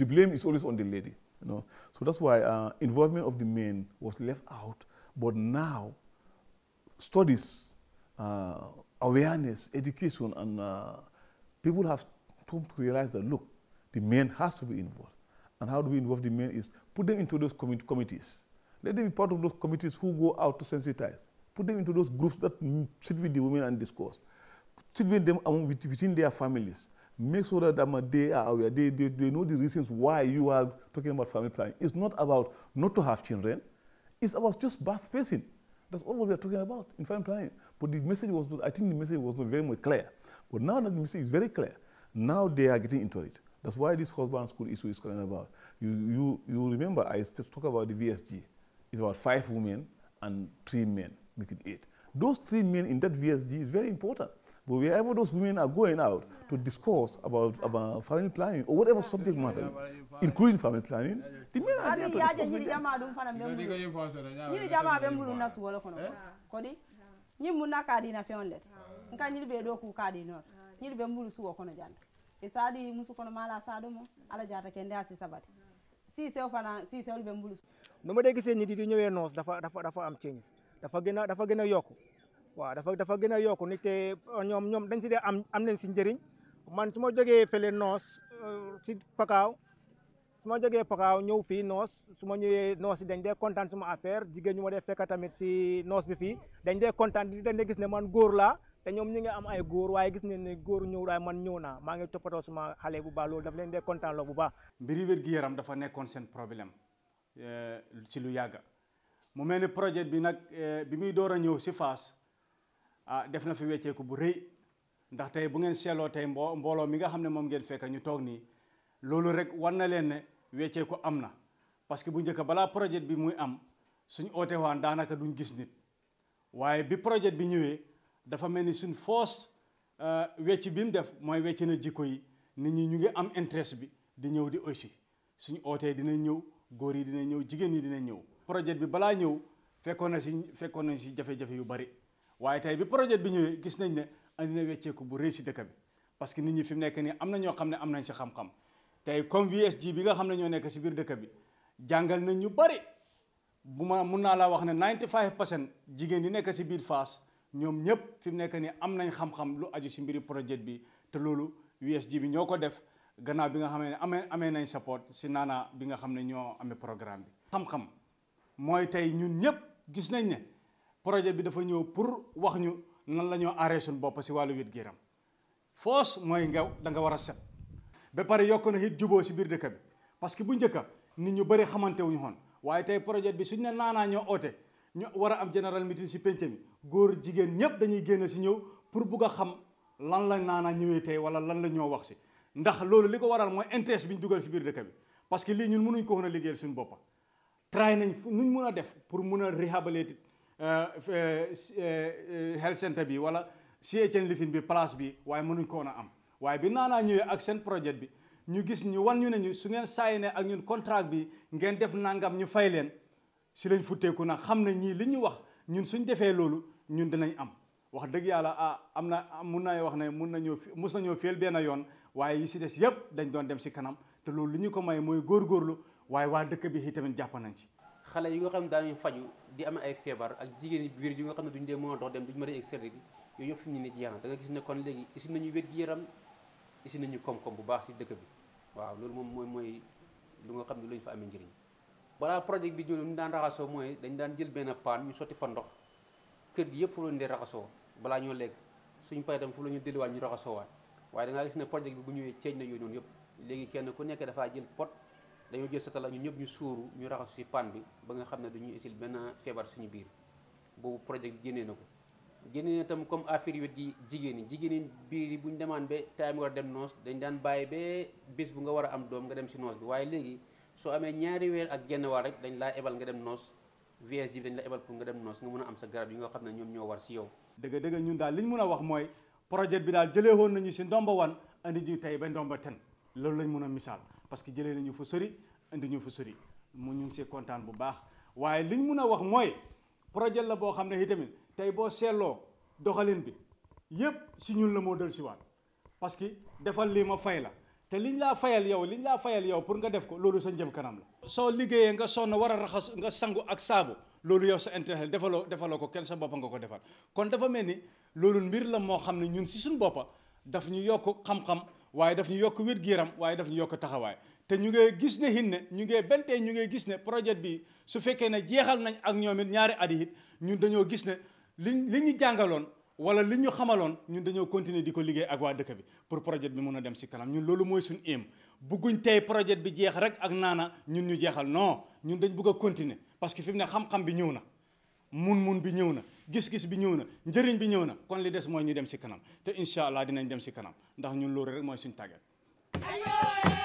the blame is always on the lady. You know? So that's why uh, involvement of the men was left out. But now, studies, uh, awareness, education, and uh, people have come to realize that look, the men has to be involved. And how do we involve the men is put them into those com committees. Let them be part of those committees who go out to sensitize. Put them into those groups that sit with the women and discuss. Sit with them within their families make sure that, that they are aware, they, they, they know the reasons why you are talking about family planning. It's not about not to have children, it's about just birth spacing. That's all what we are talking about in family planning. But the message was, not, I think the message was not very much clear. But now that the message is very clear, now they are getting into it. That's why this husband school issue is coming about. You, you, you remember I talk about the VSG. It's about five women and three men, make it eight. Those three men in that VSG is very important but wherever those women are going out to discourse about, about family planning or whatever subject matter, including family planning, the men are there to discuss with them. ñiŋ muŋ na eh? ka ah. nka ñiŋ be doo kuu ka diinoo ti be mbulu suo kono janta i se musu kono maala a se ala jaata kende a si sabati siisewo fana siisewolu be mbulu no ma dee gisee ñi di di ñëwee dafa dafa dafa am changes dafa gën dafa gën yokku waaw dafa dafa gën a yokku nit te euh, ñoom ñoom dañ am am nañ si njëriñ man su ma jógee nos noos euh, si pakaaw su ma jógee pakaaw ñëw fii noos su ma ñëwee noos yi dañ dee kontaan suma affaire jigéen ñu ma dee fekka tamit si nos bi fii dañ dee kontaan di dañ gis ne man góor laa te ñoom ñu am ay góor waaye gis nañ ne góor ñëw waaye man ñëw naa maa ngi toppatoo suma xale bu baax loolu daf leen dee kontaan loo bu ba mbiri wér gi yaram dafa nekkoon seen problème euh, si lu yàgga mu mel ni projet bi nag bi ñëw ah def na fi ko bu reuy ndax tay bu ngeen sélo tay mbolo mi nga xamné mom ngeen fekk ñu tok ni lolu rek war na leen ne wecceeku am na parce que bu njëkk balaa projet bi muy am suñ oté waan daanaka duñ gis nit waye bi projet bi ñëwé dafa melni suñ force ah, wécc bi mu def moy wécc na jikko yi nit ñi ñu ngi am interest bi di ñëw di aussi suñ oté dina ñëw góor yi dina ñëw jigéen yi dina ñëw projet bi bala ñëw fekkona ci fekkona ci jafé jafé yu bari waaye tey bi projet bi ñëwee gis nañ ne andi na wecceeku bu réy si dëkk bi parce que nit ñi fi mu nekk nii am na ñoo xam ne am nañ si xam-xam tey comme VSG bi nga xam ne ñoo nekk si biir dëkk jàngal nañ ñu bari bu ma mun naa laa wax ne 95 pour cent jigéen yi nekk si biir Fass ñoom ñëpp fi mu nekk nii am nañ xam-xam lu aju si mbiri projet bi te loolu USG bi ñoo ko def gannaaw bi nga xam ne amee amee nañ support si naanaa bi nga xam ne ñoo amee programme bi. xam-xam mooy tey ñun ñëpp gis nañ ne projet bi dafa ñëw pour wax ñu nan la ñoo arrêté suñu bopp si wàllu wét géram foos mooy nga da nga war a set ba pare yokk na it juboo si biir dëkk bi parce que bu njëkka nit ñu bëri xamante wuñu xoon waaye tey projet bi suñ ne naanaa ñoo oote ñu war a am général meeting si penc mi góor jigéen ñëpp dañuy génn si ñëw pour bugg a xam lan la naanaa ñëwee tey wala lan la ñoo wax si ndax loolu li waral mooy interest bi ñu dugal si biir dëkk bi parce que lii ñun mënuñ ko a liggéeyal suñu boppa try nañ nuñ mun a def pour mun a Euh, euh, euh, health center bi wala CHN Lifin bi place bi waaye mënuñ ko woon a am waaye bi naanaa ñëwee ak seen projet bi ñu gis ñu wan ñu ne ñu su ngeen saayne ak ñun contrat bi ngeen def nangam ñu fay leen si lañ futteeku nag xam ne ñii li ñu wax ñun suñ defee loolu ñun dinañ am wax dëgg yàlla ah am na ah, mun naa wax ne mun nañoo mus nañoo féel benn yoon waaye yi si des yëpp dañ doon dem si kanam te loolu li ñu ko may mooy góorlu waaye waa dëkk bi itamit jàpp nañ ci xale yi nga xam ne daanañu faju di am ay feebar ak jigéen biir yi nga xam ne duñu dee mën dox dem duñu ma a extérieur bi yooyu yëpp fi mu ne jeex na da nga gis ne kon léegi isi nañu wér gi yaram isi nañu koom-koom bu baax si dëkk bi waaw loolu moom mooy mooy lu nga xam ne lu ñu fa amee njëriñ balaa projet bi ñu daan raxasoo mooy dañ daan jël benn paan ñu sotti fa ndox kër gi yëpp fu la dee raxasoo balaa ñoo lekk suñu paree dem fu la ñu delluwaat ñu raxasoo waat waaye da nga gis ne projet bi bu ñëwee ceeñ na yooyu noonu yëpp léegi kenn ku nekk dafaa jël pot dañoo jël satala ñu ñëpp ñu suuru ñu raxasu si pan bi ba nga xam ne duñuy isil benn feebar suñu biir boobu projet bi génnee na ko génnee na tam comme affaire yu jigéen ñi jigéen ñi biir yi bu ñu demaan ba time war a dem noos dañ daan bàyyi ba bis bu nga war a am doom nga dem si noos bi waaye léegi soo amee ñaari weer ak genn waar rek dañ laa ebal nga dem noos VSD bi dañ la ebal pour nga dem noos nga mun a am sa garab yi nga xam ne ñoom ñoo war si yow dëgg dëgg ñun daal li ñu mën a wax mooy projet bi daal jëlee nañu si ndomba wan andi ñu tey ba ndomba ten loolu lañ mën a misaal parce que jëlé nañu fa sëri andi ñu fa sëri mu ñu ci contane bu baax waye liñ mëna wax moy projet la bo xamné ne itamit tey boo seetloo doxalin bi yépp si ñun la mo del ci waat parce que defal li ma fay la té liñ la fayal yow liñ la fayal yow pour nga def ko lolu sa njëm kanam la so liggéey nga sonn wara a raxas nga sangu ak sabu lolu yow sa intérêt defaloo defaloo ko kenn sa bop nga ko defal kon dafa melni lolu mbir la mo xamné ñun ci suñu bop daf ñu yok xam-xam waaye daf ñu yokk wér gu yaram waaye daf ñu yokk taxawaay te ñu ngee gis ne hin ne ñu ngee bentee ñu ngee gis ne projet bi su fekkee ne jeexal nañ ak ñoomit ñaari at yi it ñun dañoo gis ne li li ñu jàngaloon wala li ñu xamaloon ñun dañoo continuer di ko liggéey ak waa dëkk bi pour projet bi mun a dem si kanam ñun loolu mooy suñu im bugguñ tey projet bi jeex rek ak naana ñun ñu jeexal non ñun dañ bugg a continuer parce que fi mu ne xam-xam bi ñëw na mun-mun bi ñëw na gis-gis bi ñëw na njëriñ bi ñëw na kon li des mooy ñu dem si kanam te incha allah dinañ dem si kanam ndax ñu loolu rek mooy suñu tàggat